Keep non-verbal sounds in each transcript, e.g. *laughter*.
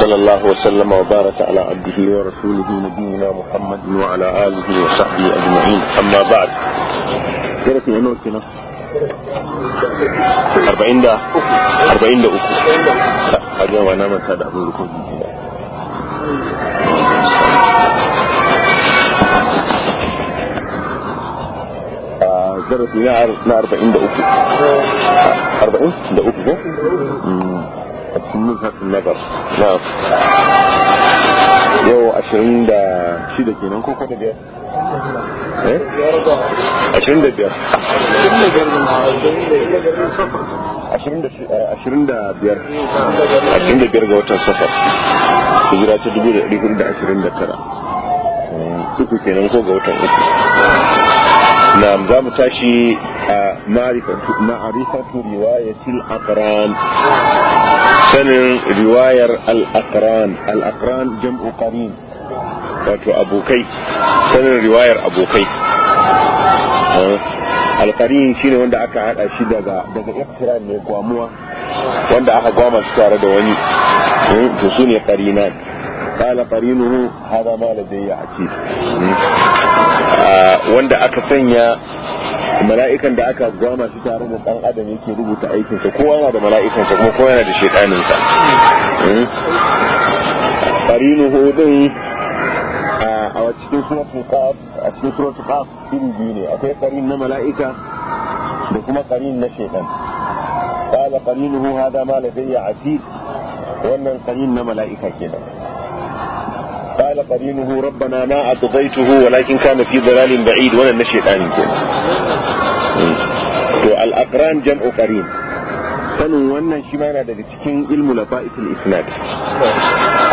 وصلى الله وسلم وبارك على عبده ورسوله نبينا محمد وعلى آله وصحبه أجمعين أما بعد جرت ينور كنا أربعين دا أربعين دا أكو أجل وانا من هذا أبو لكم جرت ينار أربعين دا أكو أربعين دا أكو nuzhat nazar yau ashirin da kenan ko kwada eh? biyar ashirin da biyar eh, ashirin da biyar ashirin da biyar ga watan safar hijira ta dubu da da ashirin da tara hmm, uku kenan ko ga watan uku na za mu tashi a ah, ma'arifatu riwayatil aqran sanin riwayar al-aqran al-aqran wato abokai sanin riwayar abokai alkarin shine wanda aka hada shi daga daga iktiran ne gwamuwa wanda aka gwama su tare da wani to su ne karinan kala karinuhu hada hmm? ah, wanda aka sanya mala'ikan da aka gwama su tare da dan adam yake rubuta aikinsa kowa yana da mala'ikansa kuma kowa yana da shekaninsa ƙarinu hmm? hudun a cikin suratul qaf a cikin suratul qaf iri biyu ne akwai ƙarin na mala'ika da kuma ƙarin na shekan qala qarinuhu hada ma ladayya atid wannan ƙarin na mala'ika kenan قال قرينه ربنا ما أقضيته ولكن كان في ضلال بعيد وانا نشيط آنين كده الأقران جمع قرين sanin wannan shi mana daga cikin ilmu na ba'isul isnad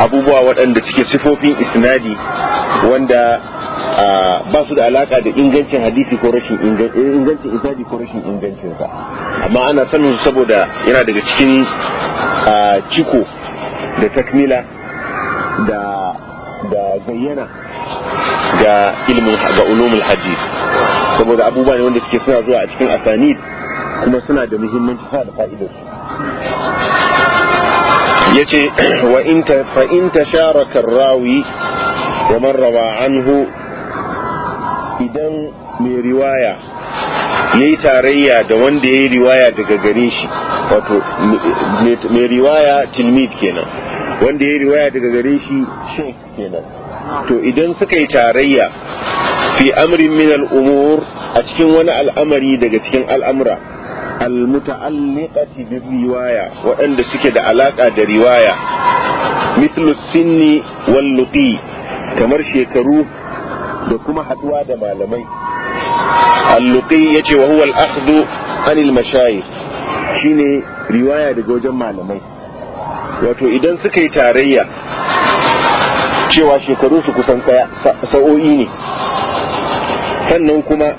abubuwa waɗanda suke sifofin isnadi wanda ba su da alaka da ingancin hadisi ko rashin ingancin isnadi ko rashin ingancin sa. amma ana sanin su saboda yana daga cikin ciko da takmila da da zayyana ga ilimin ga ulumul hadith saboda abubuwa ne wanda suke suna zuwa a cikin asanid kuma suna da muhimmanci suna da fa'idar yace *clears throat* wa in ta fa in sharaka rawi wa man rawa anhu idan mai riwaya yayi tarayya da wanda yayi riwaya daga gare shi wato mai riwaya tilmid kenan wanda ya riwaya daga gare shi sheikh kenan to idan suka yi tarayya fi amrin min al'umur a cikin wani al'amari daga cikin al'amura al-muta'alliqati bi riwaya waɗanda suke da alaka da riwaya mithlu sinni wal luqi kamar shekaru da kuma haduwa da malamai al-luqi yace wa huwa al-akhdhu mashayikh shine riwaya daga wajen malamai wato idan suka yi tarayya cewa shekaru su kusan sa'o'i ne sannan kuma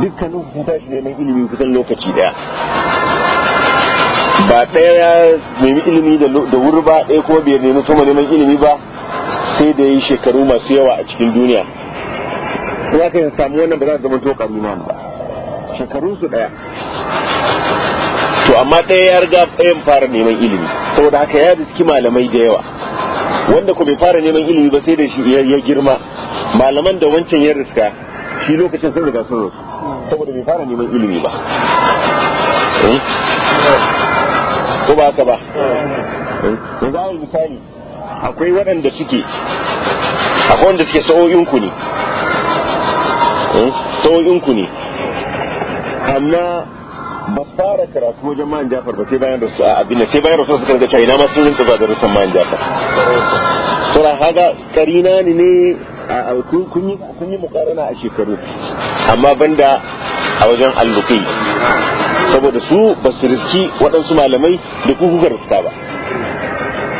dukkanin su shi neman ilimi kusan lokaci daya ba ɗaya ya nemi ilimi da wuri ba daya kuma bai nemi sama neman ilimi ba sai da ya yi shekaru masu yawa a cikin duniya za ka yin samu wannan ba za su zama to karuna ba shekaru su daya. to amma ɗaya ya riga ɗayan fara neman ilimi saboda haka ya riski malamai da yawa wanda ko bai fara neman ilimi ba sai da shi ya girma malaman da wancan ya riska shi lokacin sun riga sun rasu saboda bai fara neman ilimi ba eh? ko ba haka ba za a misali akwai waɗanda suke akwai wanda suke sa'o'inku ne eh? sa'o'inku ne amma ba fara karatu wajen man jafar ba sai bayan rasu a abin sai bayan rasu suka ga ina ma sun rinka zuwa darussan man jafar sura haga karina ne ne a kun yi kun yi mukarana a shekaru amma banda a wajen alluqi saboda su ba su riski waɗansu malamai da ku kuka riska ba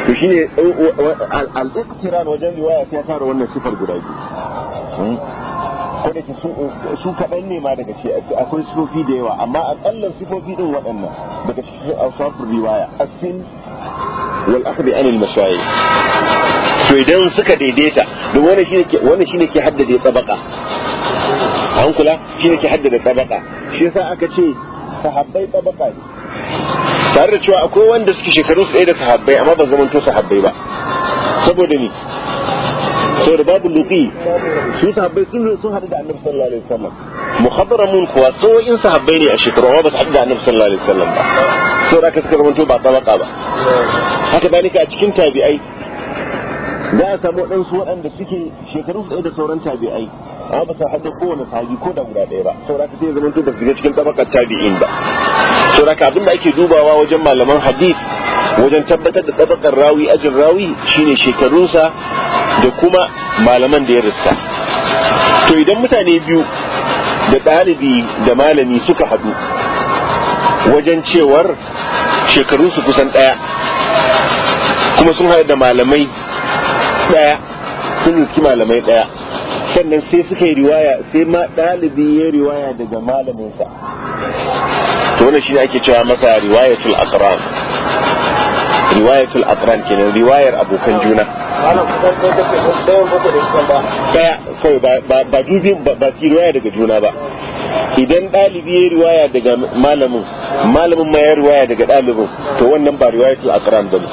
to shine eh, al-iqtiran wajen riwaya sai fara wannan sifar guda biyu hmm? ko da su kaɗan ne ma daga ce akwai sifofi da yawa amma aƙallan sufofi ɗin waɗannan daga cikin ausafin riwaya asin wal akhdi anil masayi to idan suka daidaita don wani shi ne wani shine ke haddade tsabaka an kula ne ke haddade tsabaka shi yasa aka ce sahabbai tsabaka ne tare da cewa akwai wanda suke shekaru su ɗaya da sahabbai amma ba zamanto sahabbai ba saboda ni so da babu luqi su sahabbai sun sun hadu da annabi sallallahu alaihi wasallam muhadramun kuwa so in sahabbai ne a shekaru ba su hadu da annabi sallallahu alaihi wasallam ba so da ka suka zamanto ba tabaka ba haka dalika a cikin tabi'ai za a samu waɗansu waɗanda suke shekaru ɗaya da sauran tabi'ai a ba su haɗa kowane sahabi ko da guda ɗaya ba saboda ka sai zamanto ba su cikin tabakar tabi'in ba saboda ka abin da ake dubawa wajen malaman hadith wajen tabbatar da tsabakar rawi ajin rawi shine shekarunsa da kuma malaman da ya rissa to idan mutane biyu da ɗalibi da malami suka haɗu wajen cewar shekarunsu kusan ɗaya kuma sun haɗu da malamai ɗaya sun riski malamai ɗaya sannan sai suka yi riwaya sai ma ɗalibi ya riwaya daga malaminsa to wannan shi ne ake cewa masa riwayatul aqran riwayatul aqran kenan riwayar abokan juna daya kawai ba dubi ba su riwaya daga juna ba idan ɗalibi ya riwaya daga malamin malamin ma ya riwaya daga ɗalibin to wannan ba riwayatul akran ba ne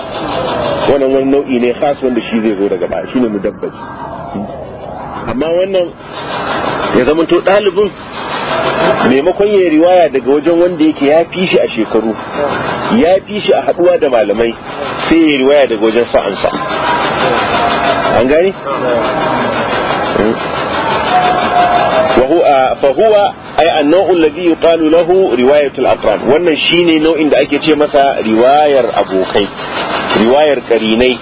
wannan wani nau'i ne khas wanda shi zai zo daga shi ne mu dabbaji. amma wannan ya zama to ɗalibin maimakon ya riwaya daga wajen wanda yake ya fi a shekaru ya fi shi a haduwa da malamai sai ya riwaya daga wajen sa'ansa an gani? fahuwa ai an nau'un ladhi yuqalu lahu riwayatul aqran wannan shine nau'in da ake ce masa riwayar abokai riwayar karinai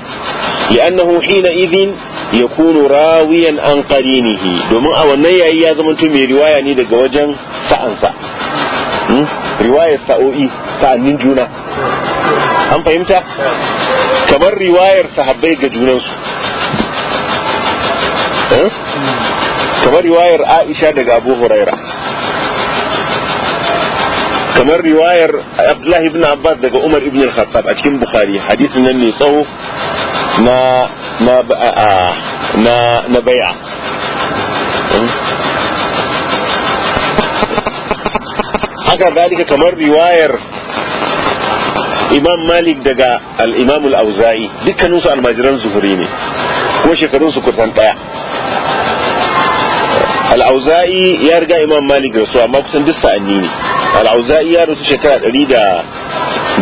li'annahu hina idhin ya kunu rawiyan an qarinihi domin a wannan yayi ya zama to mai riwaya ne daga wajen sa'ansa hmm? riwayar sa'o'i sa'annin juna an fahimta kamar riwayar sahabbai ga junansu eh? kamar riwayar aisha daga abu huraira kamar riwayar abdullahi ibn abbas daga umar ibn al-khattab a cikin bukhari hadisin nan ne tsawo na na na na bai'a hmm? haka dalika kamar riwayar imam malik daga al-imam al-auza'i dukkanin su almajiran zuhuri ne ko shekarun su kusan daya al-auza'i ya riga imam malik rasu amma kusan duk sa'anni ne al-auza'i ya rasu shekara 100 da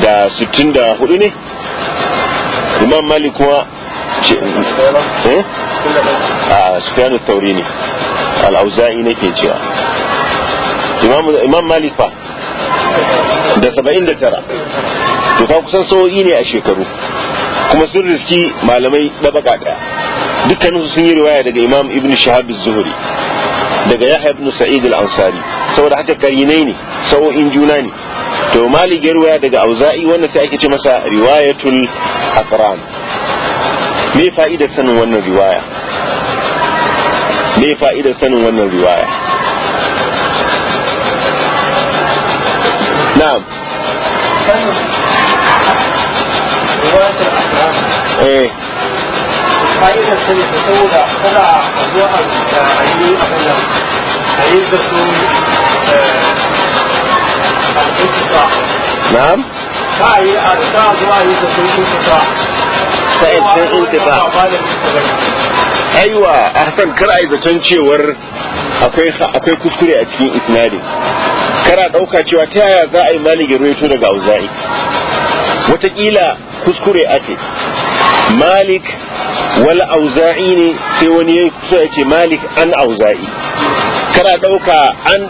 da 64 ne imam malik kuma eh a sufyan al-thawri ne al-auza'i ne ke cewa imam da tara to ka kusan sauyi ne a shekaru kuma sun riski malamai baka daya dukkaninsu sun yi riwaya daga imam ibn shahab az-zuhri daga yahya ibn sa'id al-ansari saboda haka karinai ne sau'in juna ne to malik ya riwaya daga auza'i wannan sai ake ce masa riwayatul aqran me fa'idar sanin wannan riwaya me fa'idar sanin wannan riwaya na'am eh fa'idar sanin saboda kada a zuwa a yi a eh, a yi da su na'am ba a yi a zuwa a yi da su sa'id din intifa aiwa hasan kar ai zaton cewar akwai kuskure a cikin isnadi kara dauka cewa ta yaya za a yi maliki ruwaito daga auza'i watakila kuskure ake malik wal auza'i ne sai wani ya kusa ya ce malik an auza'i kara dauka an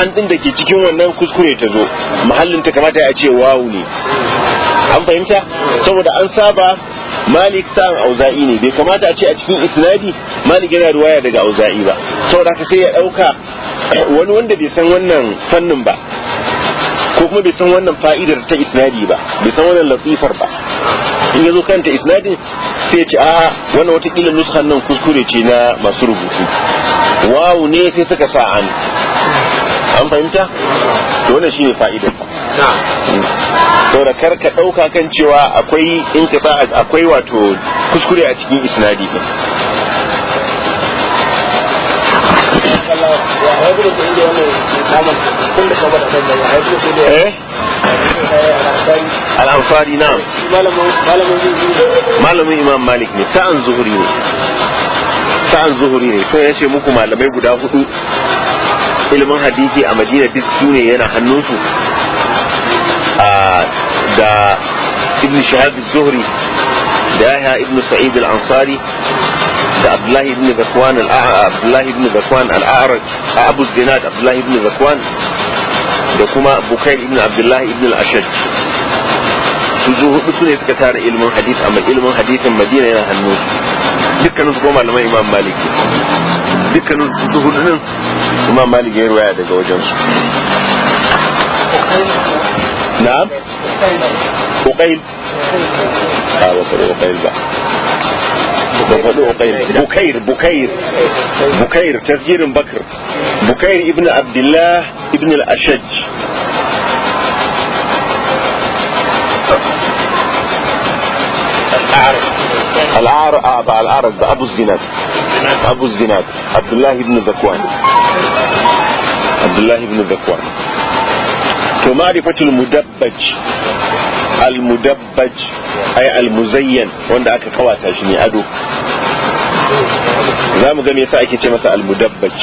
an din da ke cikin wannan kuskure ta zo mahallin ta kamata ya ce wawu ne an fahimta saboda an saba malik sa'an auza'i ne bai kamata a ce a cikin isnadi malik yana ruwaya daga auza'i ba saboda haka sai ya dauka eh, wani wanda bai san wannan fannin ba ko kuma bai san wannan fa'idar ta isnadi ba bai san wannan latifar ba in yazo kanta isnadi sai ya ce a wannan kila nuskan nan kuskure ce na masu rubutu wawu ne sai suka sa an an fahimta to wannan shine fa'idar da kar ka ɗauka kan cewa akwai in akwai wato kuskure a cikin isnadi din eh? al'amfari na malamin imam malik ne sa'an zuhuri ne sa'an zuhuri ne to ya ce muku malamai guda hudu ilimin hadisi a madina duk su ne yana hannunsu da ibn shahab zuhri da yahya ibn sa'id al-ansari da abdullahi ibn zakwan abdullahi ibn zakwan al-a'raj abu zinad abdullahi ibn zakwan da kuma bukail ibn abdullahi ibn al-ashaj su zo hudu su ne suka tara ilimin hadisi amma ilimin hadisin madina yana hannunsu dukkanin su ko malaman imam maliki dukkanin su hudu din imam malik ya ruwaya daga wajen su na'am uqail ba ba sai uqail ba ba faɗi uqail bukair bukair bukair tasgirin bakr bukair ibn abdullah ibn al-ashaj العار العار ابو الزناد abu zinad abdullahi ibn zakwan abdullahi ibn zakwan to ma'rifatul mudabbaj al mudabbaj ay al muzayyan wanda aka kawata shi ne ado zamu ga me yasa ake ce masa al mudabbaj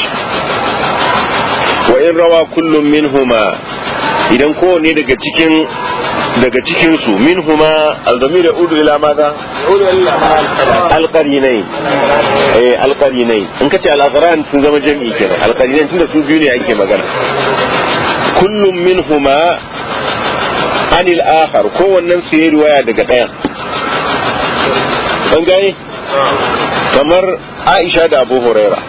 wa in rawa kullum minhuma idan kowane daga cikin daga cikin su huma al-damir yaudu ila madha al-qarinai eh al-qarinai in kace al-aqran sun zama jami'i kenan al-qarinai tunda su biyu ne ake magana kullum huma anil akhar ko wannan su yi riwaya daga ɗayan an gane ah. kamar aisha da abu huraira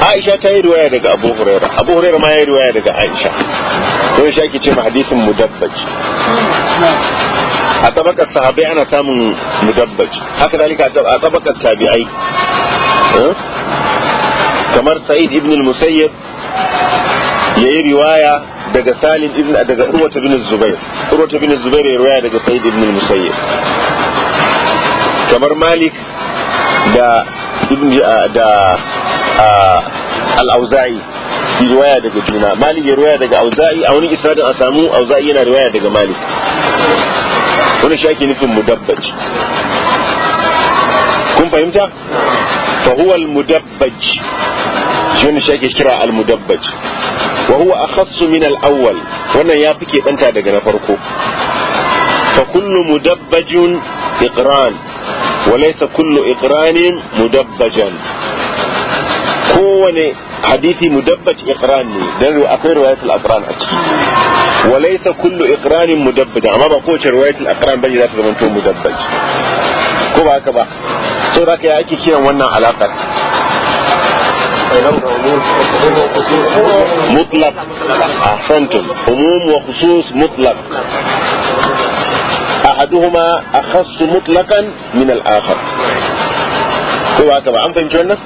aisha ta yi riwaya daga abu huraira abu huraira ma ya yi riwaya daga aisha don shi ake ce hadisin mudabbaji a tabakar sahabai ana samun mudabbaji haka dalika a tabakar tabi'ai eh? kamar sa'id ibn al-musayyib ya yi riwaya daga salim ibn daga urwata bin zubair urwata bin zubair ya riwaya daga sa'id ibn al-musayyib kamar malik da ibn da al-auza'i su riwaya daga juna malik ya riwaya daga auza'i a wani isnadin a samu auza'i yana riwaya daga malik wani shi ake nufin mudabbaj kun fahimta fa huwa al-mudabbaj shi wani shi ake kira al-mudabbaj wa huwa akhassu min al-awwal wannan ya fi keɓanta daga na farko fa kullu mudabbajun iqran وليس كل إقران مدبجا kowane hadisi mudabbat iqran ne dan akwai riwayatul aqran a ciki walaysa kullu iqranin mudabbat amma ba kowace riwayatul aqran bane za ta zama to mudabbat ko ba haka ba to da kai ake kiran wannan alaqar mutlaq ahsantum umum wa khusus mutlaq ahaduhuma احدهما mutlaqan min al-akhar ko ba haka ba an fahimci wannan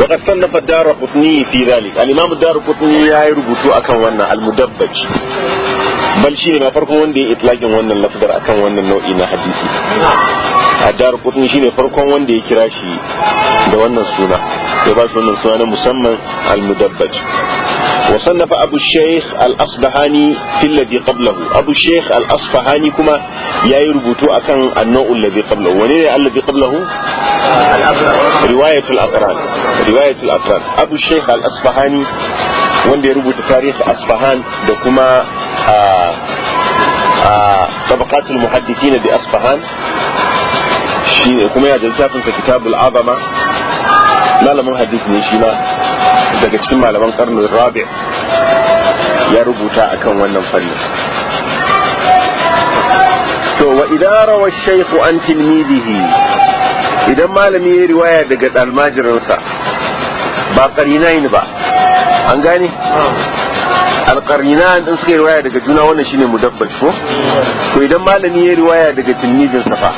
waƙar san na fa Darou Aloud ni Fiddailik Aliouma mu Darou ya yi rubutu akan wannan alimu dabba ji man shine na wanda ya yi itilakin wannan na akan a kan wannan nau'in a haddisi Darou Aloud ni shine farkon wanda ya kira shi da wannan suna dawa suna suna ne musamman alimu dabba وصنف أبو الشيخ الأصبهاني في الذي قبله أبو الشيخ الأصبهاني كما يربطو أكن النوع الذي قبله ونين الذي قبله رواية الأقران رواية الأقران أبو الشيخ الأصبهاني wanda ya rubuta tarihi asfahan da kuma tabaqatul muhaddithina bi asfahan shi kuma ya da littafin sa kitabul azama malamin hadisi ne shi ma daga cikin malaman karnin rabi ya rubuta akan wannan fannin to wa idara wa shaikhu an tilmidihi idan malami ya riwaya daga dalmajirinsa ba ne ba an gane alƙarina ɗin suka yi riwaya daga juna wannan shine mudabbal ko to idan malami ya riwaya daga tilmidinsa fa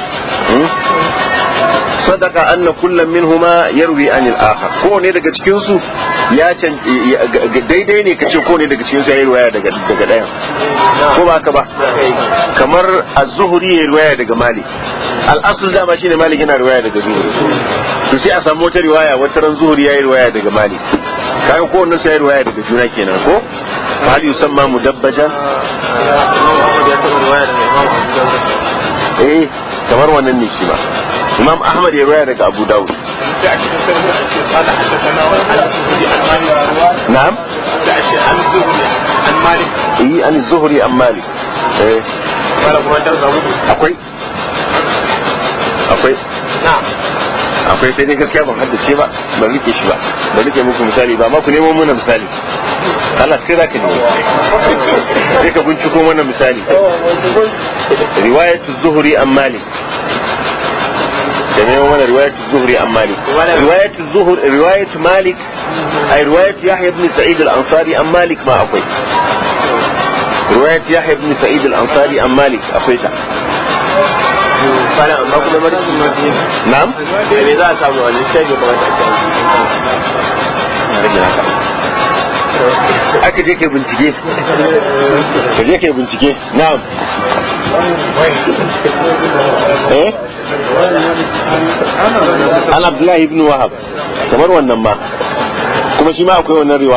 hmm? sadaka anna kullum minhuma yarwi anil akhar ko ne daga cikin su ya can daidai ne kace ko ne daga cikin su ya riwaya daga daga daya ko ba ka ba kamar az-zuhri ya riwaya daga malik al-asl dama shine malik yana riwaya daga zuhri to sai a samu wata riwaya wata ran zuhri ya riwaya daga malik kaga ko wannan sai riwaya daga juna kenan ko hal yusamma mudabbaja eh kamar wannan ne shi ma imam ahmad ya waya daga abu dawud na'am yi eh, an zuhuri an malik eh. akwai akwai na'am akwai sai dai gaskiya ban ce ba ba rike shi ba ba rike muku misali ba ma ku nemo mana misali Allah sai zaka ne sai ka binciko mana misali riwayatu zuhri an malik جميعا وانا رواية الزهري عن مالك رواية الزهر رواية مالك اي رواية يحيى بن سعيد الانصاري عن مالك ما اقوي رواية يحيى بن سعيد الانصاري عن akwai ta kwana amma kuma da me za a samu a lissafi kuma ta aka je bincike ka je bincike na'am eh an abdullahi ibn wahab kamar wannan ma kuma shi ma akwai wannan eh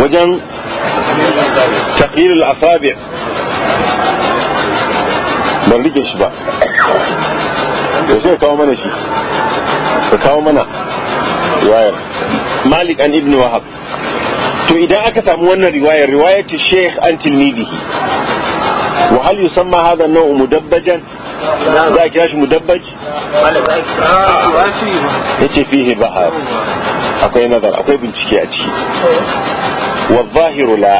wajen تقليل asabi ban rike shi ba da sai kawo mana shi ka kawo mana riwayar malik an ibn wahab to idan aka samu wannan riwayar riwayar ta sheikh an tilmidihi wa hal yusamma hadha an-naw'u mudabbajan za a kira shi mudabbaj yace fihi bahar akwai nazar akwai bincike a ciki wa zahiru la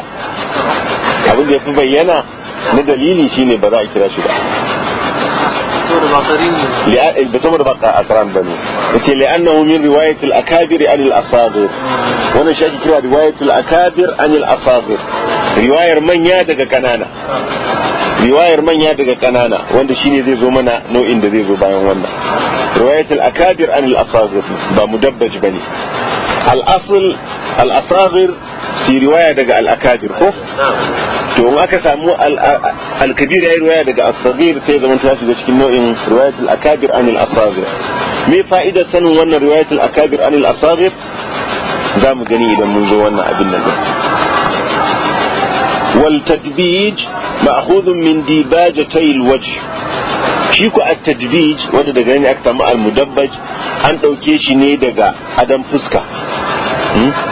abin da ya fi bayyana na dalili ne ba za a kira shi ba saboda eh, a kasaran ba ne da ce la'annahu min riwayatul akabir anil asagir wannan shi ake kira riwayatul akabir anil asagir riwayar manya daga kanana riwayar manya daga kanana wanda shine zai zo mana nau'in da zai zo bayan wannan riwayatul akabir anil asagir ba mudabbaj bane al asl al'asagir si riwaya daga Al'akadir ko? to in aka samu al'kabir ya yi riwaya daga asagir sai zaman ta shiga cikin nau'in riwayat al'akabir an al'asagir me fa'idar sanin wannan riwayat al'akabir an al'asagir za mu gani idan mun zo wannan abin nan wal tadbij ma'khudun min dibajatay al-wajh shi ku a tadbij wanda daga ne aka samu al-mudabbaj an dauke shi ne daga adam fuska hmm?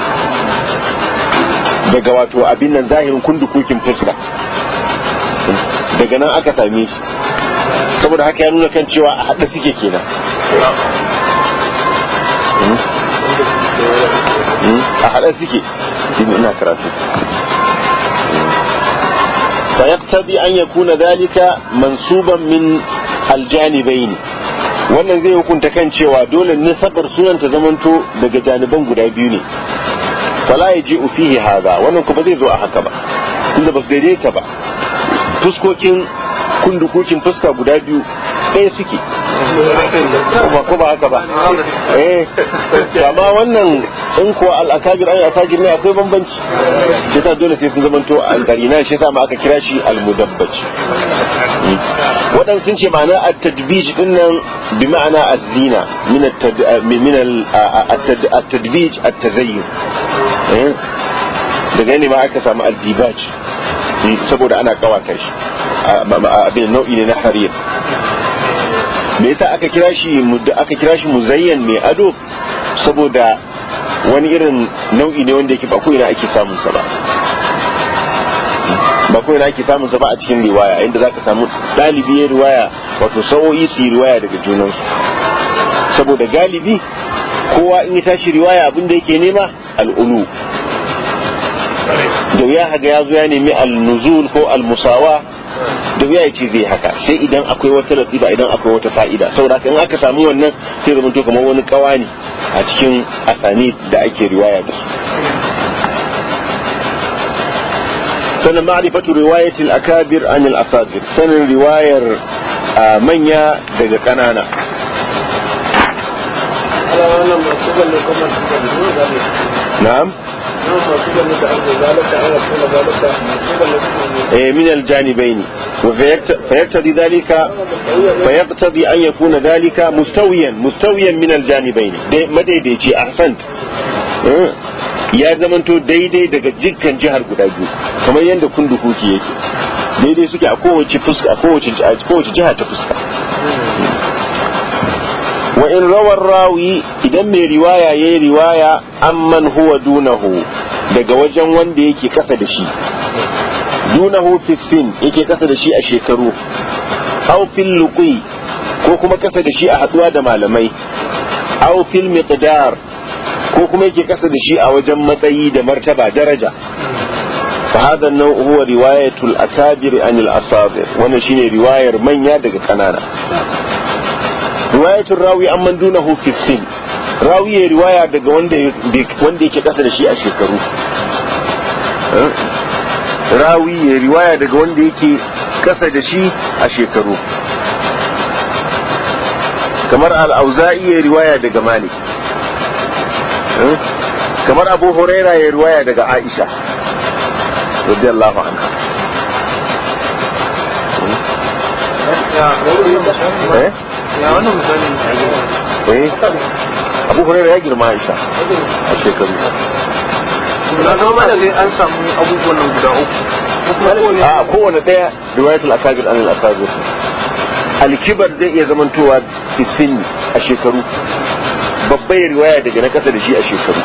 daga wato abin nan zahirin kundukukin fuska daga nan aka same shi saboda haka ya nuna kan cewa a haɗa suke kenan hmm? a haɗa suke shine ina karatu fa yaqtadi an yakuna dhalika mansuban min aljanibaini wannan zai hukunta kan cewa dole ne sabar sunan ta zamanto daga janiban guda biyu ne fala ji ufihi haza, wannan kuma zai zo a haka ba inda ba su daidaita ba fuskokin kundukukin fuska guda biyu ɗaya suke ba ko ba haka ba eh amma wannan in kuwa al'akagir an al'akagir ne akwai bambanci shi ta dole sai sun zamanto alkarina shi ta aka kira shi almudabbaci waɗansu sun ce ma'ana at-tadbij din nan bi ma'ana az-zina min eh, at-tadbij at-tazayyun eh, daga ne ma aka samu al-dibaj hmm, saboda ana kawata shi abin nau'i ne na harir me yasa aka kira shi aka kira shi muzayyan mai ado saboda wani irin nau'i ne wanda yake ba ko ina ake samun sa ba ba ko ina ake samun sa ba a cikin riwaya inda zaka samu dalibi ya riwaya wato sa'o'i su riwaya daga junansu saboda galibi kowa in ya tashi riwaya abin da yake nema al'ulu da ya haga ya zo ya nemi al-nuzul ko al-musawa da wuya ya ce zai haka sai idan akwai wata ba idan akwai wata fa'ida saboda in aka samu wannan sai da to kamar wani kawani a cikin asani da ake riwaya da su sannan ma'rifatu riwayatil akabir anil asagir sanin riwayar manya daga kanana na'am من الجانبين فيقتضي ذلك فيقتضي أن يكون ذلك مستويا مستويا من الجانبين ما ديديتي أحسنت ya zamanto daidai daga dukkan jihar guda biyu kamar yadda kunduku ke yake daidai suke kowace fuska a kowace jiha ta fuska wa in rawar rawi idan mai riwaya yayi riwaya man huwa dunahu daga wajen wanda yake kasa da shi dunahu fi sin yake kasa da shi a shekaru aw fil luqi ko kuma kasa da shi a haduwa da malamai aw fil miqdar ko kuma yake kasa da shi a wajen matsayi da martaba daraja hada النوع huwa riwayatul akabir anil asabir wannan shine riwayar manya daga kanana riwayatul rawi amman dunahu fi sin rawi ya riwaya daga wanda wanda yake kasa da shi a shekaru rawi ya riwaya daga wanda yake kasa da shi a shekaru kamar al-auza'i ya riwaya daga malik kamar abu huraira ya riwaya daga aisha radiyallahu anha eh Eh? abu hurairu ya girma aisha a shekaru na zama da sai an samu abubuwan nan guda uku a kowane daya riwayatul akabir anil akabir alkibar zai iya zamantowa fisin a shekaru babbar riwaya daga na kasa da shi a shekaru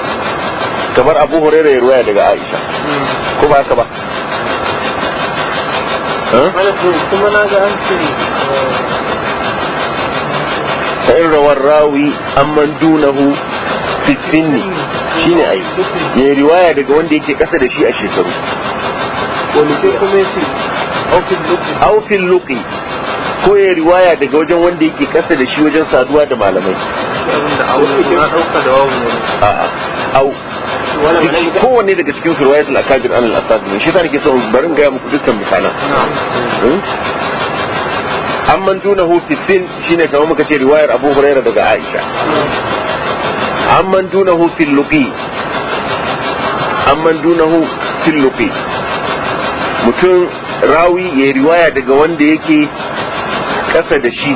kamar abu hurairu ya riwaya daga aisha ko ba ka ba kuma na ga an eh, fa'in rawar rawi amman dunahu fifinni shi ne ai ya riwaya daga wanda yake kasa da shi a shekaru aufin luki ko ya riwaya daga wajen wanda yake kasa da shi wajen saduwa da malamai au kowanne daga cikin surwayatul akabir an al-asad ne shi ta nake so barin gaya muku dukkan misalan amman dunahu fi sin shine kamar muka ce riwayar Abu Hurairah daga Aisha amman dunahu fi luqi amman dunahu fi luqi mutum rawi ya riwaya daga wanda yake kasa da shi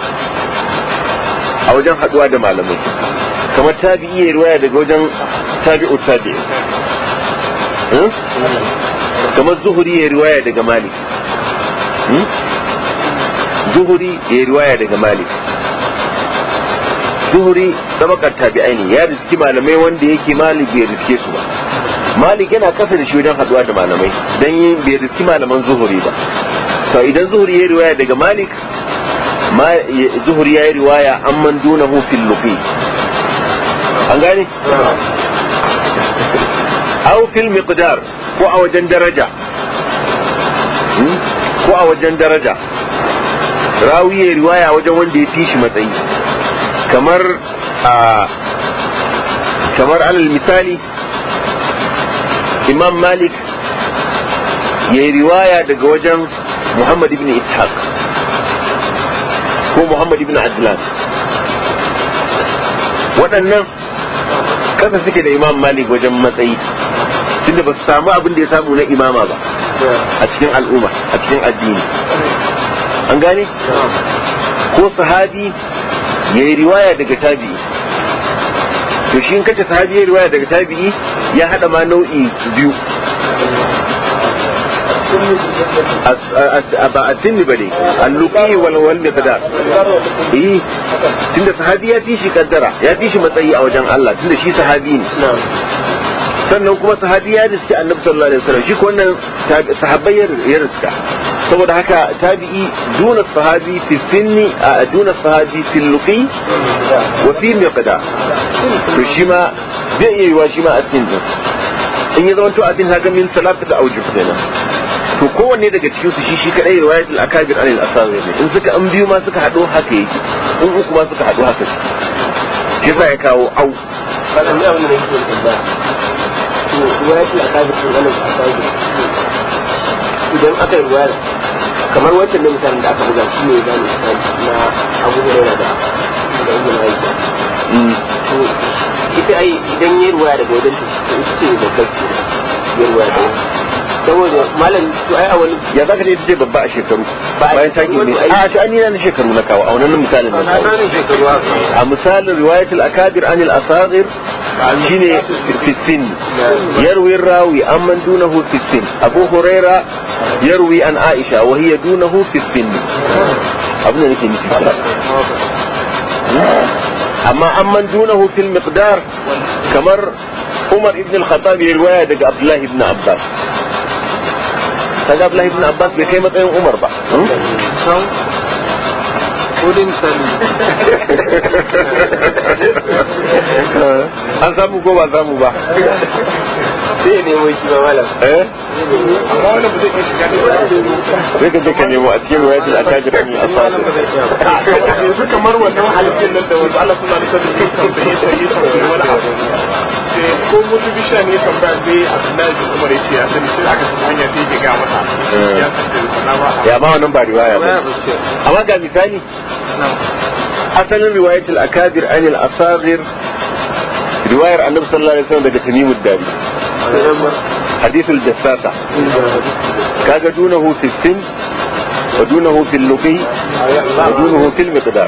a wajen haduwa da malamai kamar tabi'i ya riwaya daga wajen tabi'u tabi'i hmm? kamar zuhuri ya riwaya daga malik hmm? zuhuri ya riwaya daga malik zuhuri tabakar tabi'ai ne ya riski malamai wanda yake malik bai riske su ba malik yana kasa da shi wajen haduwa da malamai don yin bai riski malaman zuhuri ba sau idan zuhuri ya riwaya daga malik zuhuri ya yi riwaya an man duna hufin lufi an gane? au fil miqdar ko a wajen daraja hmm? ko a wajen daraja rawi ya riwaya wajen wanda ya fi shi matsayi kamar a kamar alal misali imam malik ya yi riwaya daga wajen muhammad ibn ishaq ko muhammad ibn adlan waɗannan kasa suke da imam malik wajen matsayi tunda ba su samu abin da ya samu na imama ba a cikin al'umma a cikin addini an gane ko sahabi ya yi riwaya daga tabi'i to shi kace sahabi ya yi riwaya daga tabi'i ya hada ma nau'i biyu ba a sinni ba ne alluƙi walwal da kada eh tunda sahabi ya fi shi kaddara ya fi shi matsayi a wajen Allah tunda shi sahabi ne sannan kuma sahabi ya riski annabi sallallahu alaihi wasallam shi ko wannan sahabbai ya riska saboda haka tabi'i duna sahabi fi sinni a duna sahabi fi luqi wa fi miqda to shi ma zai iya yiwa shi ma a sin in ya zama to a sin haka min salafata aujub kenan to kowanne daga cikin su shi shi kadai riwayatul akabir anil asawi ne in suka an biyu ma suka hado haka yake in uku ma suka hado haka shi ya kawo au ba da ne abin da yake da ba to riwayatul akabir anil asawi idan aka yi ruwaya kamar wancan na mutane da aka buga shi ne gane na abubuwan da da inda na aiki ita ai idan yi ruwa daga wajen ta ce da kai ce yi ruwa da saboda malam su ai a ya zaka ce ce babba a shekaru bayan ta ne a shi an yi na shekaru na kawo a wannan misalin na kawo a misalin riwayatul akabir anil asagir shine fisin yarwi rawi amman dunahu fisin abu huraira yarwi an aisha wa hiya dunahu fisin abin da nake nufi أما أمن دونه kamar Umar ibn al بن ya رواية daga Abdullahi ibn عباس فجاب لا ابن عباس بكيمة ايه عمر بقى هم؟ قول انسان ازمو جوه ازمو بقى ديني ويش ما ولا ايه ديني بدك تكني وقت يوم وقت الاجر من اصلا شو كمروه لو حل كل ده وعلى كل ما نسد كيف كان بيجي ولا حاجه ce ko motivation ne kan ba zai abdullahi bin umar yace ya sani sai aka san hanya sai ya ga mata ya san sana ba ya ba wannan ba riwaya ba amma ga misali asalin riwayatul akabir anil asagir riwayar annabi sallallahu alaihi wasallam daga tamimu dari حديث الجساسة كاجا دونه في السن ودونه في اللقي ودونه في المقدار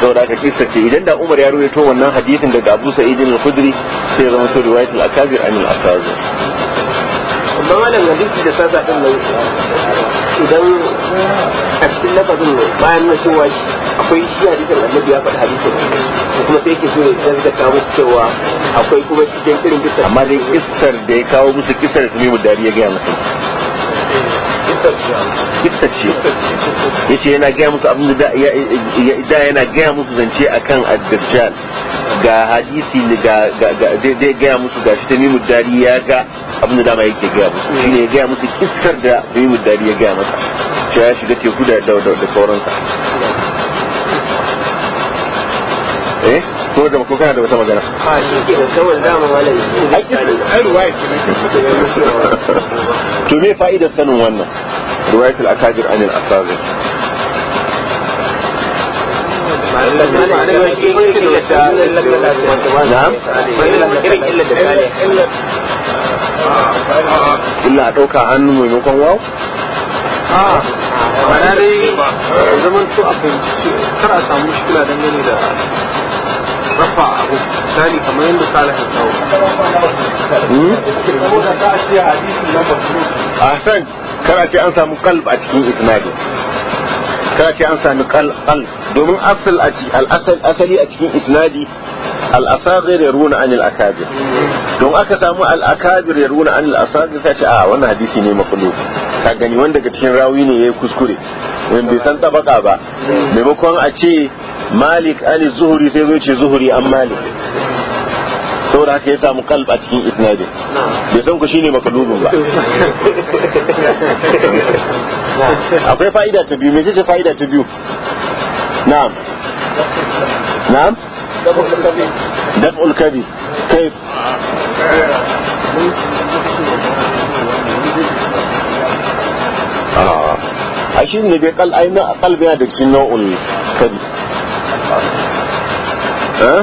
to da kashi sace idan da Umar ya ruwaito wannan hadisin daga Abu Sa'id al-Khudri sai ya zama to riwayat al-akabir an al-akabir amma wannan hadisi da sasa din nan idan a cikin lafazin ne bayan na shi wai akwai shi hadisin annabi ya faɗi hadisin kuma sai yake so idan canza kawo cewa akwai kuma cikin irin kisar amma dai kisar da ya kawo musu kisar su ne mu ya gaya mutum ya ce yana gaya musu abin da yana gaya musu zance a kan addajjal ga hadisi ga zai gaya musu ga shi mimu dari ya ga abin da dama yake gaya musu shi ne ya gaya musu kissar da mimu dari ya gaya masa shi ya shiga teku da sauransa ko da ko kana da wata magana a shi ke da kawai da mu malami ai ruwaya ce to me fa'idar sanin wannan ruwayat al-akajir an al-asazin na'am illa a ɗauka hannu maimakon wawo a ranar zaman to a kar a samu shi kula dangane da rafa abu misali kamar yadda salih kawo hmm? a san kana ce an samu kalb a cikin isnadi ka ce an sami kal'an domin asali a cikin isnadi al'asar ya runa anil akabir don aka samu al'akabir ya runa anil asar ya ce a wannan hadisi ne makulu ka gani wanda daga cikin rawi ne yi kuskure wanda bai san tabaka ba maimakon a ce malik ali zuhuri sai zo zuhuri an malik saboda haka ya samu kalb a cikin isnadin bai san ku shine makalubin ba akwai fa'ida ta biyu me ce fa'ida ta biyu na'am na'am daf'ul kabi kai a ah. shi ne bai kal aina kalbi yana da cikin nau'ul kabi eh?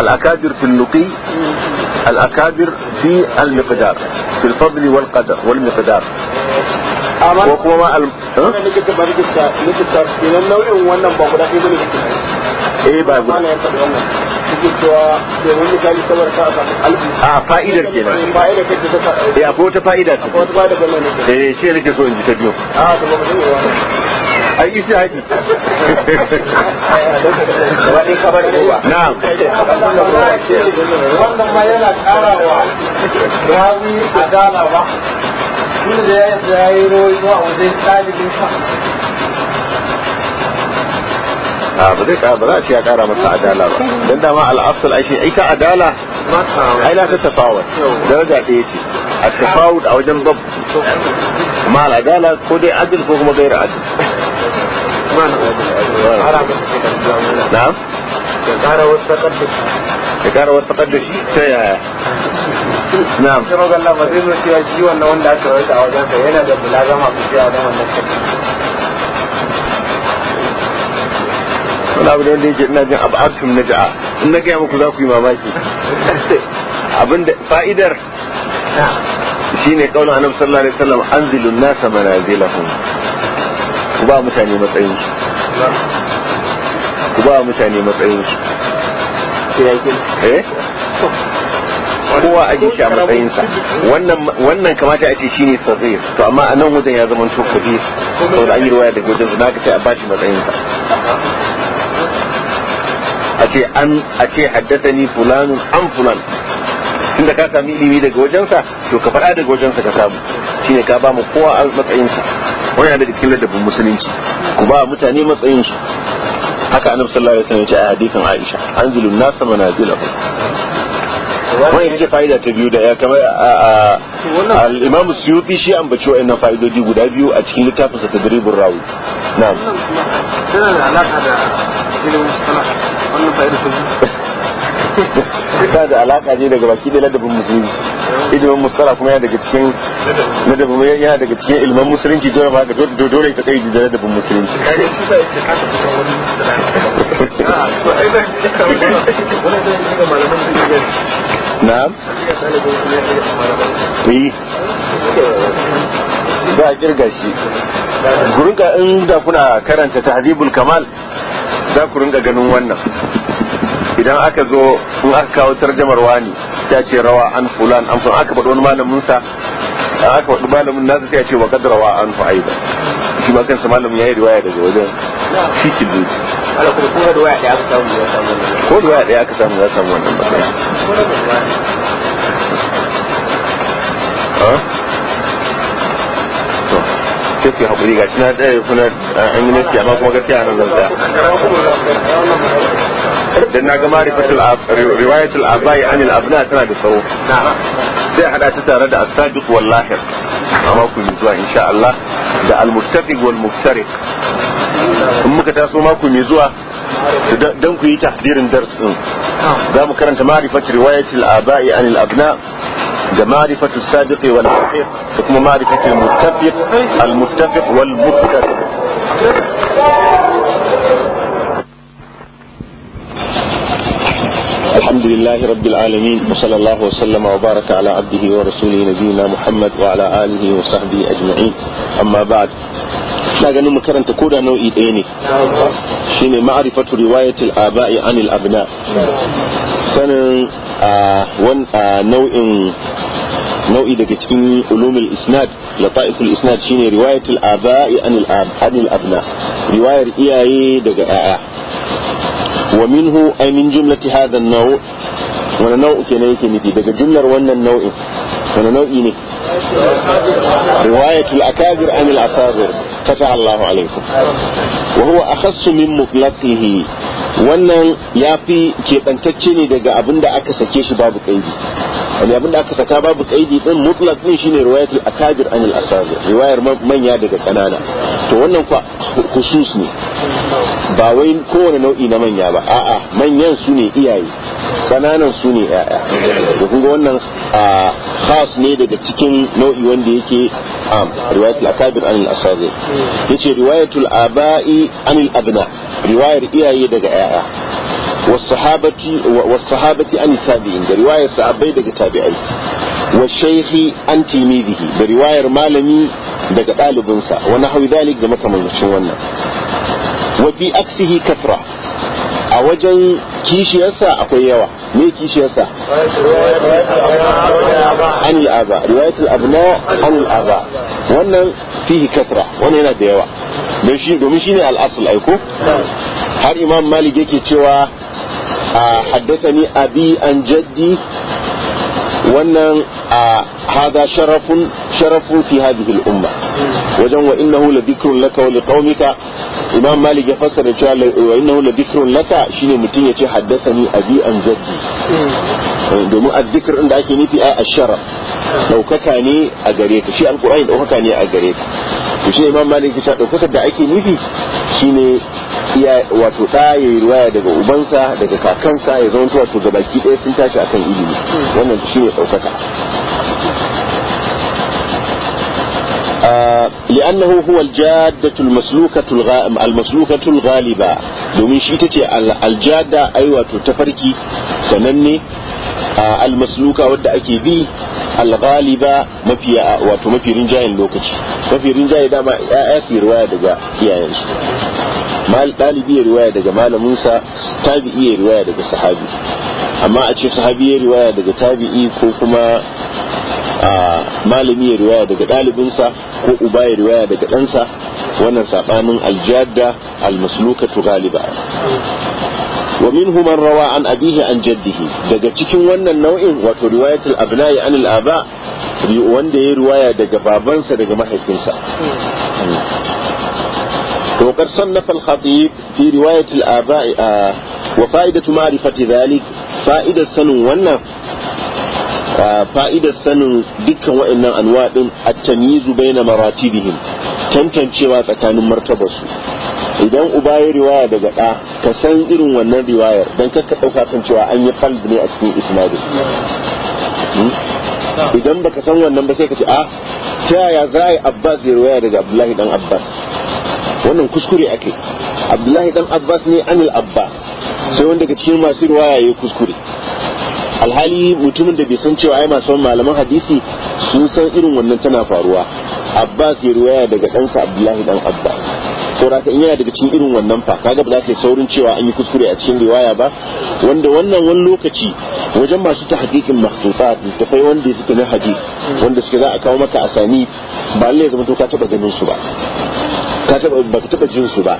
الأكابر في النقي الأكابر في المقدار في الفضل والقدر والمقدار ko kuma ma al eh ba guda a fa'idar kenan eh akwai wata fa'ida ta eh shi nake so in ji ta biyu اي شيء عادي ولي خبر هو نعم والله آه، ما يلا شارع راوي عدالة واحد كل ده يزايرو يدوع وزي التالي بيشحن اه بدك اه بلا شيء كاره مثل عدالة بندا مع الاصل اي شيء اي كعدالة ما تفاوت اي لا تتفاوت درجة ايتي التفاوت او جنب ضبط مع العدالة خذي عدل فوق ما غير عدل usman na'am ya kara wasu takaddashi ya kara wasu takaddashi ta yaya na'am sai magana ba zai zo cewa shi wannan wanda aka rawaita a yana da bulaga masu cewa wannan wani abu da wanda yake ina jin abu arsum na ja'a in na gaya muku za ku yi mamaki abinda fa'idar shine kaulin annabi sallallahu alaihi wasallam anzilun nasa manazilahum ku ba mutane matsayin su ku ba mutane matsayin su eh kowa aje shi matsayin sa wannan kamata a ce shi ne sabir to amma a nan wajen ya zama to kabir saboda an yi ruwaya daga wajen su ka ce a bashi matsayinsa a ce an a ce ni fulanun an fulan tunda ka sami ilimi daga wajensa to ka faɗa daga wajensa ka samu shine ka ba mu kowa a matsayinsa wani yana da cikin ladabin musulunci ku ba mutane matsayinsu haka annabi sallallahu alaihi wasallam ya ce a hadisin Aisha anzilun nasa manazilahum wani yake ce fa'ida ta biyu da ya kamar a al'imamu suyuti shi ambaci nan fa'idodi guda biyu a cikin littafinsa ta diribin rawu na'am tana da alaka da ilimin wannan fa'ida ta biyu ta da alaka ne daga baki da ladabin musulunci ilimin musala kuma yana daga cikin ladabin yana daga cikin ilimin musulunci dole ma ga dole ta kai da ladabin musulunci na'am yi eh. ba kirga shi gurinka in da kuna karanta tahdibul kamal za ku ringa ganin wannan idan aka zo sun aka kawo tarjamar wani ta ce rawa an fulan an fulan aka faɗi wani malamin sa an aka faɗi malamin sai ce wa rawa an fa shi ma kansa malamin yayi riwaya daga wajen shi ki duk ko riwaya da aka samu aka samu ya samu wannan ba kuma gaskiya nan zan dan na ga marifatul riwayatul abai anil abna tana da tsawo sai hada ta tare da as-sadiq wal lahir amma ku mai zuwa insha Allah da al-muttafiq wal muftariq in muka taso mako mai zuwa dan ku yi tahdirin darsin za mu karanta marifatul riwayatul abai anil abna da marifatul sadiq wal lahir da kuma marifatul muttafiq al-muttafiq wal muftariq الحمد لله رب العالمين وصلى الله وسلم وبارك على عبده ورسوله نبينا محمد وعلى آله وصحبه أجمعين أما بعد na ganin mu karanta ko da nau'i ɗaya ne shine ma'arifatu riwayatil aba'i anil abna sanin a nau'in nau'i daga cikin ulumul isnad lata'iful isnad shine riwayatul bai anil abna riwayar iyaye daga 'ya'ya ومنه أي من جملة هذا النوع وانا نوع كنيك نبي دقى جملة وانا النوع إيه؟ وانا نوع إني رواية الأكابر عن الأصابر فتح الله عليكم وهو أخص من مطلقه wannan ya fi keɓantacce ne daga abin da aka sake shi babu kaidi wani abin da aka saka babu kaidi din mutlak din shine riwayatul akabir anil asabir riwayar manya daga ƙanana to wannan kwa khusus ne ba wai kowane nau'i na manya ba a'a manyan su ne iyaye kananan su ne ya'ya da kunga wannan khas ne daga cikin nau'i wanda yake am riwayatul akabir an al-asabi yace riwayatul aba'i an al-abna riwayar iyaye daga ya'ya والصحابة والصحابة عن التابعين برواية صحابي دقى تابعي والشيخ عن تلميذه برواية مالمي دقى طالب ونحو ذلك دمك من الشوانا وفي أكسه كثرة a wajen kishiyarsa akwai yawa me kishiyarsa an yi aba riwayatul abna an yi aba wannan fihi kasra wannan yana da yawa don shi domin shine aiko har imam malik yake cewa حدثني أبي an جدي wannan a hada sharafun sharafun fi hadhihi al-umma wajen wa innahu la dhikrun laka wa liqaumika imam malik ya fassara cewa wa innahu la dhikrun laka shine mutum ya ce haddathani abi an jaddi eh, domin azzikr inda ake nufi a sharaf daukaka ne a gare ka shi alqur'ani daukaka ne a gare ka to shi imam malik ya ce daukaka da ake nufi shine wato ɗa ya ruwaya daga ubansa daga kakansa ya zama wato gabaki ɗaya sun tashi akan ilimi wannan shi ne ɗaukaka لأنه هو الجادة المسلوكة المسلوكة الغالبة domin shi ta ce aljada aiwato ta tafarki sananne almasluka wadda ake bi alghaliba mafi wato mafi rinjayen lokaci mafi rinjaye dama ya riwaya daga iyayensu mal dalibi ya riwaya daga malaminsa tabi'i ya riwaya daga sahabi amma a ce sahabi ya riwaya daga tabi'i ko kuma malami ya riwaya daga ɗalibinsa ko uba ya riwaya daga ɗansa wannan saɓanin aljadda almaslukatu galiba wa min human rawa an abihi an jaddihi daga cikin wannan nau'in wato riwayatul abna'i anil aba wanda ya riwaya daga babansa daga mahaifinsa hmm. وقد صنف الخطيب في رواية الآباء آه وفائدة معرفة fa'idar sanin سن ون آه فائدة سن دكا وإن أنواع التمييز بين مراتبهم تنتن شوى تكان مرتبس idan uba ya riwaya daga ɗa ka san irin wannan riwayar dan kakka ɗauka kan cewa an yi qalb ne a cikin isnadin idan baka san wannan ba sai ka ce a ta yaya za a yi abbas ya riwaya daga abdullahi dan abbas wannan kuskure ake abdullahi dan abbas ne anil abbas sai wanda daga cikin masu ruwaya ya kuskure alhali mutumin da bai san cewa ai masu malaman hadisi sun san irin wannan tana faruwa abbas ya ruwaya daga ɗansa abdullahi dan abbas saura in yana daga cikin irin wannan fa kaga ba za ka yi saurin cewa an yi kuskure a cikin riwaya ba wanda wannan wani lokaci wajen masu ta hakikin da kai wanda suke na hadis wanda suke za a kawo maka asani ba ya zama to ka taba ganin su ba ka taba baka jin su ba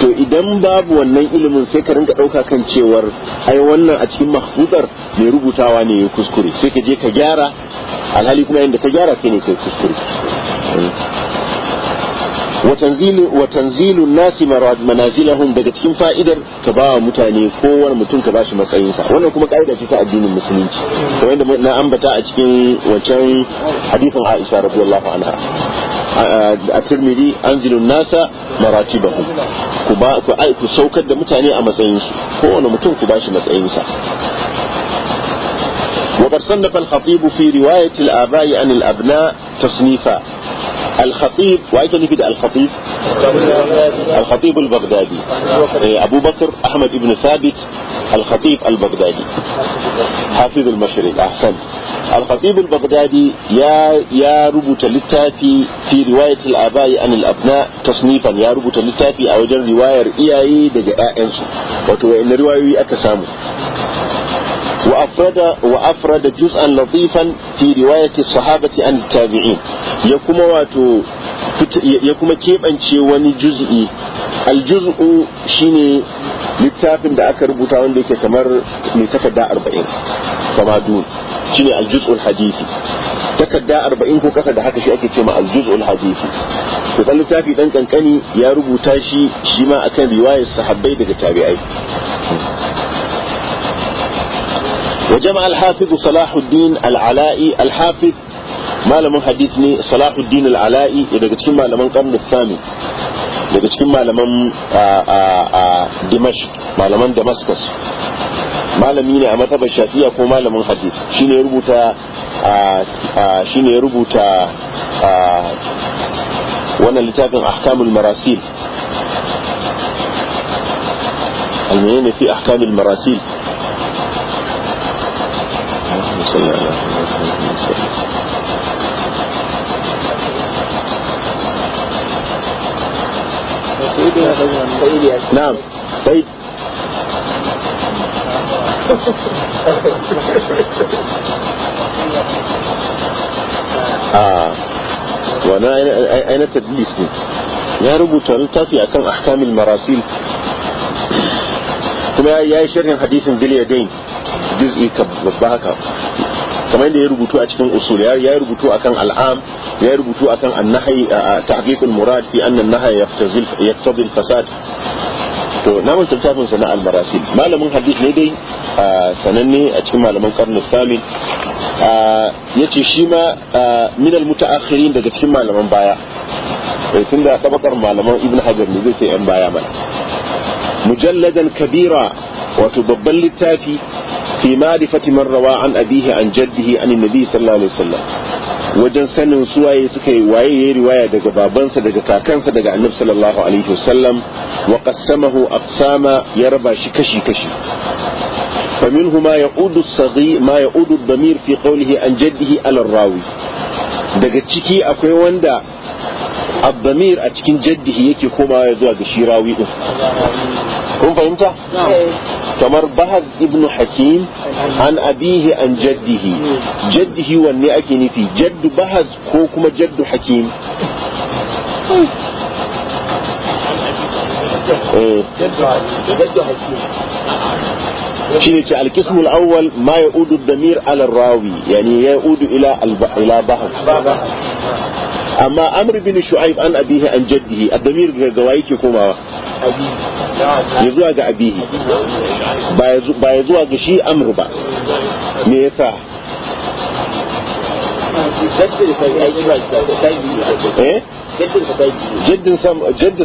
to idan babu wannan ilimin sai ka rinka ɗauka kan cewar ai wannan a cikin mahfudar mai rubutawa ne ya kuskure sai ka je ka gyara alhali kuma yadda ka gyara kai ne kai kuskure wa tanzilu nasi manazilahum daga cikin fa'idar ka ba mutane kowane mutum ka bashi matsayinsa wannan kuma ka ce ta addinin musulunci wanda na ambata a cikin wancan hadithin Aisha radiyallahu anha a Tirmidhi anzilu nasa maratibahum ku ba ku ku saukar da mutane a matsayin matsayinsu kowane mutum ku bashi matsayinsa وقد صنف الخطيب في رواية الآباء عن الأبناء تصنيفا الخطيب وأيضا كده الخطيب الخطيب البغدادي إيه، أبو بكر أحمد بن ثابت الخطيب البغدادي حافظ المشرق أحسنت الخطيب البغدادي يا يا ربط للتافي في رواية الآباء عن الأبناء تصنيفا يا ربط للتافي أو جن رواية إياي دجاء أنسو ان رواية اكسامو وأفرد, وأفرد جزءا لطيفا في رواية الصحابة عن التابعين يكما واتو يكما كيف أنشي واني جزئي الجزء شيني littafin da aka rubuta wanda yake kamar mai takarda arba'in samadun shine aljuz'ul hadisi takarda arba'in ko kasa da haka shi ake ce ma aljuz'ul hadisi to dan littafi dan kankani ya rubuta shi shima ma akan riwayar sahabbai daga tabi'ai وجمع الحافظ صلاح الدين العلائي الحافظ ما لم حديثني صلاح الدين العلائي إذا قلت ما لم القرن الثاني إذا قلت ما لم آه، آه، آه، دمشق ما لم دمشق ما لم يني أمثى بشاتية فما لم حديث شين يربوتا شين يربوتا وانا اللي لتابع أحكام المراسيل المهم في أحكام المراسيل نعم سيد طيب. آه وانا اين تدليسني يا ربط تافي اكم احكام المراسيل كما يا شرح حديث ذي اليدين جزئي كبابا kamar da ya rubutu a cikin usul ya rubutu akan al'am ya rubutu akan annahi tahqiqul murad fi anna an-nahy yaqtadi al-fasad to na mun littafin sana al-marasil malamin hadith ne dai sananne a cikin malaman karni samin yace shi ma min al-mutaakhirin daga cikin malaman baya sai eh, tunda tabakar malaman ibn hajar ne zai sai yan baya mana mujalladan kabira wato babban littafi fi ma'rifati man rawa an abihi an jaddihi an nabi sallallahu alaihi wasallam wajen sanin su waye suka yi waye yayi riwaya daga babansa daga kakansa daga annabi sallallahu alaihi wasallam wa qassamahu aqsama ya raba shi kashi kashi فمنه ما يعود الصغير ما يعود الضمير في قوله an جده daga ciki akwai wanda abamir a cikin jaddihi yake komawa zuwa ga shi rawi din هم فهمت تمر نعم. بهز ابن حكيم عن أبيه عن جده جده هو في جد بهز كوكما جد حكيم شنو تعال القسم الاول ما يعود الدمير على الراوي يعني يعود الى الى بحر اما امر بن شعيب عن ابيه عن جده الدمير الضمير جوايك كوما ya zuwa ga abihi ba ya zuwa ga shi amr ba me ya sa eh? jaddin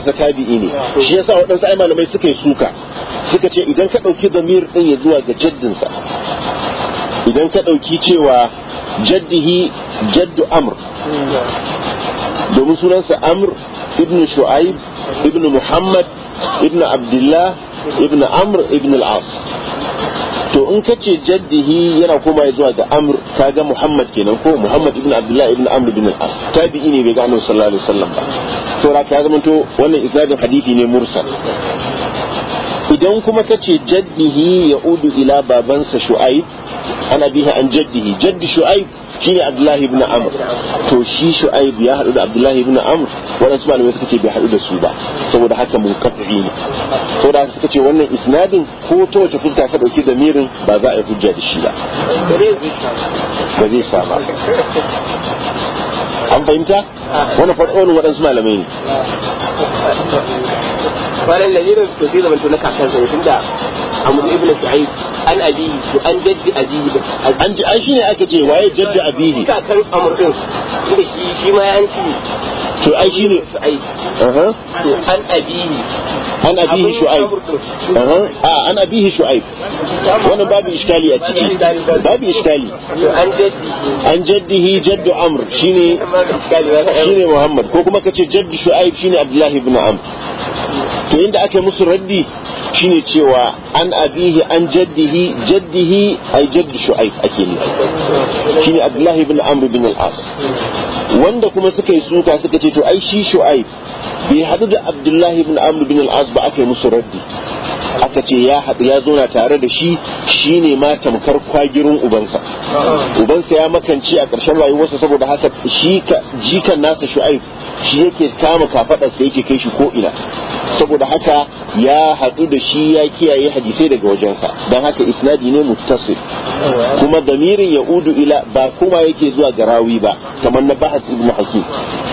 sa tabi'i ne shi sa waɗansu ai malamai suka yi suka suka ce idan ka ɗauki zamir ɗin ya zuwa ga jaddin sa idan ka ɗauki cewa jaddihi jaddu amr domin sunansa amr ibn shu'aib ibn muhammad ibn abdullah ibn amr ibn al-as to in ka ce jaddihi yana koma zuwa ga amr kaga muhammad kenan ko muhammad ibn abdullah ibn amr ibn al-as tabi'i ne bai ga annabi sallallahu alaihi wasallam ba to ra ka zama to wannan isnadin hadisi ne mursal idan kuma ka ce jaddihi ya udu ila babansa shu'aib ana biha an jaddihi jaddi shu'aib shi ne abdullahi ibn amr to shi shu'aib ya haɗu da abdullahi ibn amr waɗansu malamai suka ce bai haɗu da su ba saboda haka mun kafi ne saboda haka suka ce wannan isnadin ko ta wace fuska ka ɗauki zamirin ba za a yi hujja da shi ba ba zai sa ba an fahimta wani farkon waɗansu malamai ne kwanan nira to zai zamanto na kakansa ne tunda amur ibn sa'id an abihi to an jaddi abihi an ji an shine ake ce waye jaddi abihi kakan amur din shi ma ya ci to ai shi ne an abihi an abihi shu'aib a an abihi shu'aib wani babu iskali a ciki babu iskali an jaddihi jaddu amr shi ne muhammad ko kuma kace jaddu shu'aib ne abdullahi ibn amr to inda aka musu raddi shine cewa an abihi an jaddihi jaddihi ai jaddu shu'aib ake nufi shine abdullahi ibn amr ibn al-as wanda kuma suka yi suka suka ce to ai shi shu'aib bai hadu da abdullahi bin amr bin al-as ba aka musu raddi aka ce ya haɗu ya na tare da shi shine ma tamkar kwagirin ubansa ubansa ya makanci a ƙarshen rayuwarsa saboda haka shi jikan nasa shu'aib shi yake kama kafaɗarsa yake kai shi ko ina saboda haka ya hadu da shi ya kiyaye hadisai daga wajen wajensa dan haka isnadi ne muttasil kuma damirin ya udu ila ba kuma yake zuwa Garawi ba kamar na bahat ibn hakim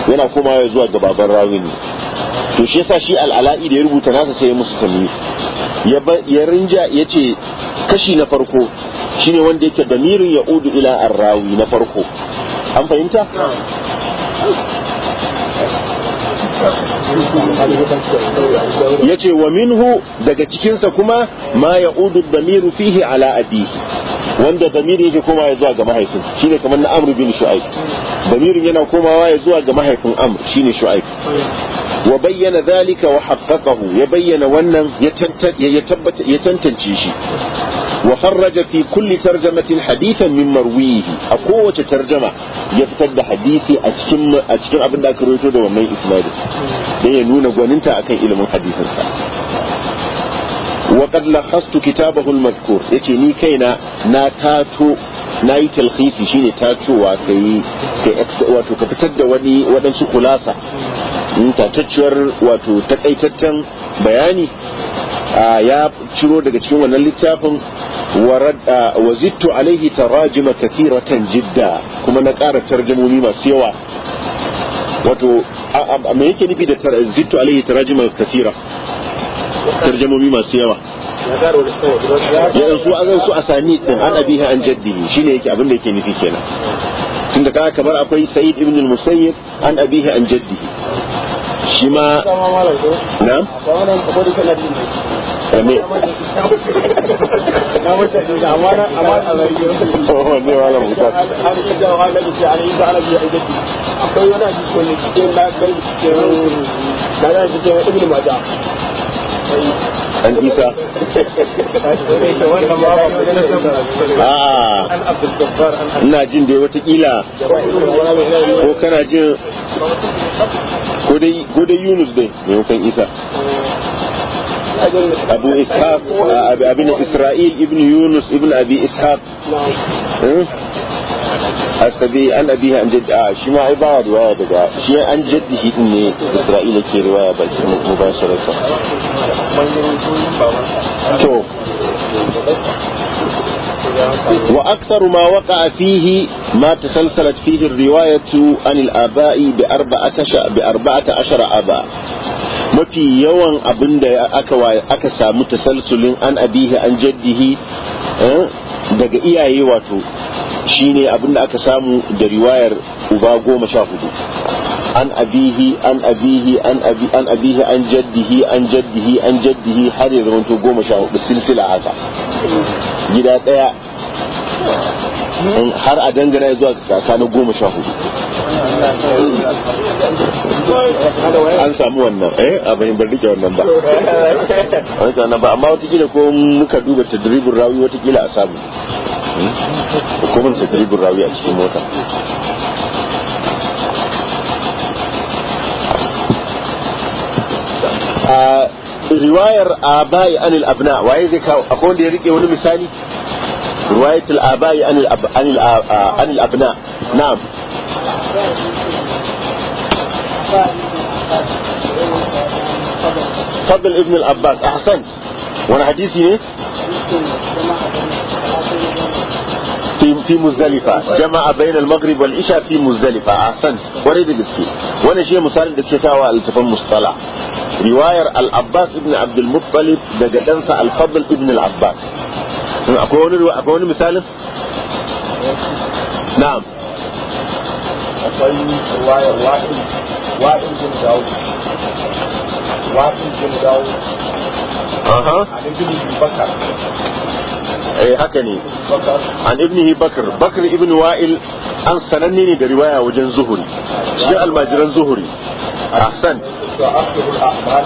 yana koma ya zuwa ga baban rawi ne to shi yasa shi al'ala'i da ya rubuta nasa sai ya musu tamyiz ya rinja ya ce kashi na farko shine wanda yake damirin ya udu ila rawi na farko an fahimta yace wa minhu daga cikinsa kuma ma ya udu damiru fihi ala abi wanda damiru yake komawa zuwa ga mahaifin shi ne kamar na amr bin shu'aib damirin yana komawa ya zuwa ga mahaifin amur shi ne shu'aib wa bayyana zalika wa haqqaqahu ya bayyana wannan ya tabbata ya tantance shi wa fi kulli tarjamatin hadithan min marwihi a kowace tarjama ya fitar da hadisi a cikin a cikin abin da aka rawaito da wannan isnadin dan ya nuna gwaninta akan ilimin hadisin sa wa qad lakhastu kitabahu al-mazkur yace ni kaina na tato na yi talhisi shi ne ta cewa ka yi wato ka fitar da wani waɗansu kulasa hmm, tatacciyar wato takaitaccen bayani ya ciro daga cikin wannan littafin wa zittu alaihi tarajima kathiratan jidda kuma na ƙara tarjimomi masu yawa wato me yake nufi da zittu alaihi tarajima kathira tarjumomi masu yawa ya su an su a sami din an abihi an jaddihi shine yake abin da yake nufi kenan tunda kaga kamar akwai sa'id ibn al-musayyib an abiha an jaddihi shi ma na ne akwai ne na dan isa ina jin wata kila ko kana jin ko dai yunus dai maimakon isa abu ishaq abin isra'il ibn yunus ibn abi ishaq eh? asabi an abiha an jaddi a shi ma ai baya riwaya daga shi an jaddi shi din ne isra'ila ke riwaya ba shi mu ba shi rasa to fihi ma وقع فيه ما تسلسلت فيه الرواية عن الآباء بأربعة عشر, بأربعة عشر أباء mafi yawan abin da aka samu tasalsulin an abihi an jaddihi eh, daga iyaye wato shine abinda aka samu da riwayar uba goma sha hudu an abihi an abihi an abihi an jaddihi an jaddihi an jaddihi har ya zama to goma sha hudu silsila haka gida daya har a dangana zuwa kaka na goma sha hudu an samu wannan eh a bayan bar rike wannan ba wani wannan ba amma watakila ko muka duba tadribin rawi watakila a samu hmm? ko ta tadribin rawi a cikin mota a ah, في رواية الآباء عن الأبناء وعيد أقول لي ريكي ونمي ثاني رواية الآباء عن, الأب... عن, الأ... آه، عن الأبناء نعم فضل ابن الأباس أحسن وانا حديثي ايه في في مزدلفة جمع بين المغرب والعشاء في مزدلفة احسنت وريد بسكي وانا شيء مثال بسكي تاوى التفهم مصطلح رواية الأباس بن عبد المطلب دجدنسى الفضل ابن العباس أكون أكون مثال نعم أكون رواية واحد واحد بن داود أها عن ابنه بكر أي هكني بكر عن ابنه بكر بكر ابن وائل أن سنني برواية وجن زهري شيء المجرن زهري أحسنت وأخذ الأعمال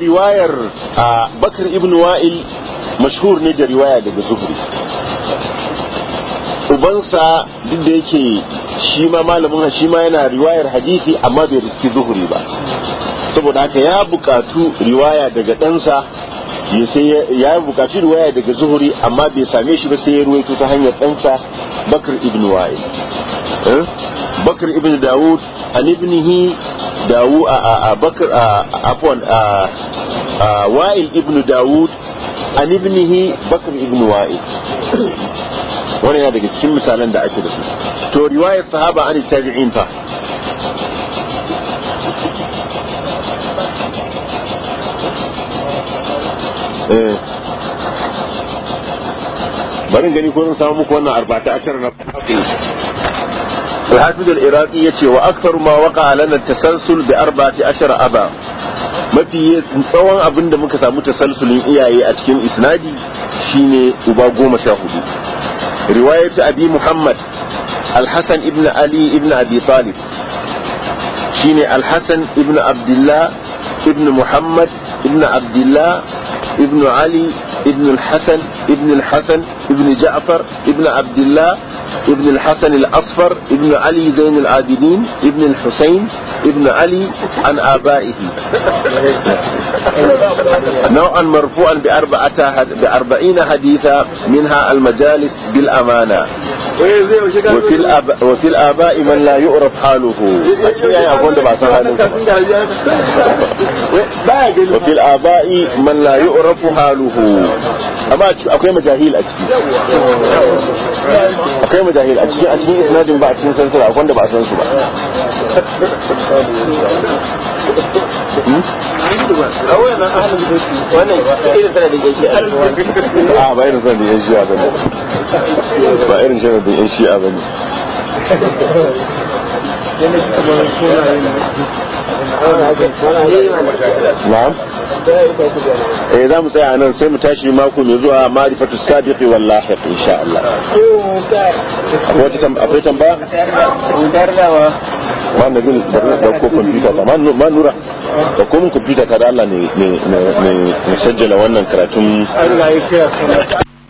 riwayar وري ah, رواية wa'il Wa'il ne ne da riwaya daga zuhri ubansa duk da yake shi ma malamin shi ma yana riwayar hadisi amma bai riski zuhuri ba saboda haka ya bukatu riwaya daga ɗansa ya bukaci ruwaya daga zuhuri amma bai same shi ba sai ya ruwaito ta hanyar ɗansa bakar ibn wa'il eh? bakar ibn dawud an ibnihi dawu a bakar afwan wa'il ibn dawud an ibnihi bakar ibn wa'il wannan yana daga cikin misalan da ake da su to riwayar sahaba an tabi'in fa Eh. bari gani ko zan samu muku wannan arba'ata ashar na Iraki ya ce الحافظ العراقي يتي وأكثر ما وقع لنا التسلسل بأربعة عشر أبا Mafi في tsawon abin da muka samu tasalsulin iyaye a cikin isnadi shi ne uba goma sha hudu riwayat abi muhammad AlHassan ibn ali ibn abi talib shine al-hasan ibn abdullah ibn muhammad ibn abdullah ابن علي ابن الحسن ابن الحسن ابن جعفر ابن عبد الله ابن الحسن الأصفر ابن علي زين العابدين ابن الحسين ابن علي عن آبائه نوعا مرفوعا بأربعة بأربعين حديثا منها المجالس بالأمانة وفي الآب وفي الآباء من لا يعرف حاله وفي الآباء من لا يعرف حاله أما أكوي مجاهيل اكيد اكو مجاهيل اكيد أتكي إسناد بعد سنة سنة أقول بعض سنة سنة يا irin sanar da ba yan shi'a ba ne eh za mu tsaya a nan sai mu tashi mako mai zuwa marifatu sabiqi wal in sha Allah akwai tambaya wanda bin da ko nura da komin mun ta da Allah ne ne sajjala wannan karatun